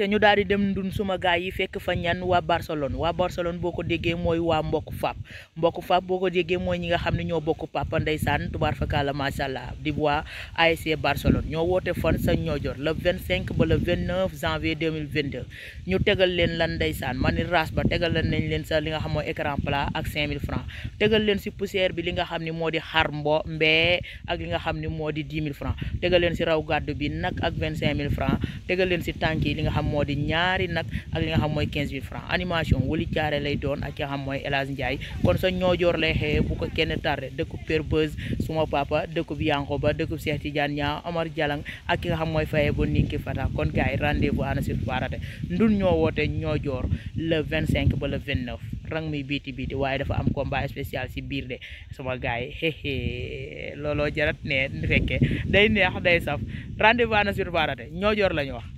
te ñu daal di dem ndun suma gaay yi fekk fa ñan waa Barcelone waa Barcelone boo ko déggee mooy waa mbokk Fap mbokk Fap boo ko déggee mooy ñi nga xam ne ñoo bokk Papa ndeysaan tubaar fakala macha allah di waa ASC Barcelone ñoo woote fan sa ñoojor le 25 ba le 29 janvier 2022 ñu tegal leen lan ndeysaan ma ni raas ba tegal leen nañ leen sa li nga xam mooy écran plat ak 5000 francs tegal leen si poussière bi li nga xam ne moo di xar mbo mbee ak li nga xam ne moo di 10 000 francs tegal leen si raw gàddu bi nag ak 25 000 francs tegal leen si tànk yi li nga xam moo di ñaari nag ak li nga xam mooy 15000 francs animation wali caare lay doon ak ki xam mooy El Hadj Ndiaye kon sa ñoojoor lay xëyee bu ko kenn tardé dëkkub Père Beuz suma papa dëkkub ba dëkkub Cheikh Tidiane Niang Omar Dialang ak ki nga xam mooy Faye ba Niki Fata kon gars yi rendez-vous ana sur farate ndun ñoo woote ñoojoor le cinq ba le 29 rang mi biiti biiti waaye dafa am combat spécial si biir de sama gars yi hehe looloo jarat ne fekkee day neex day saf rendez-vous ana sur farate ñoojoor la ñu wax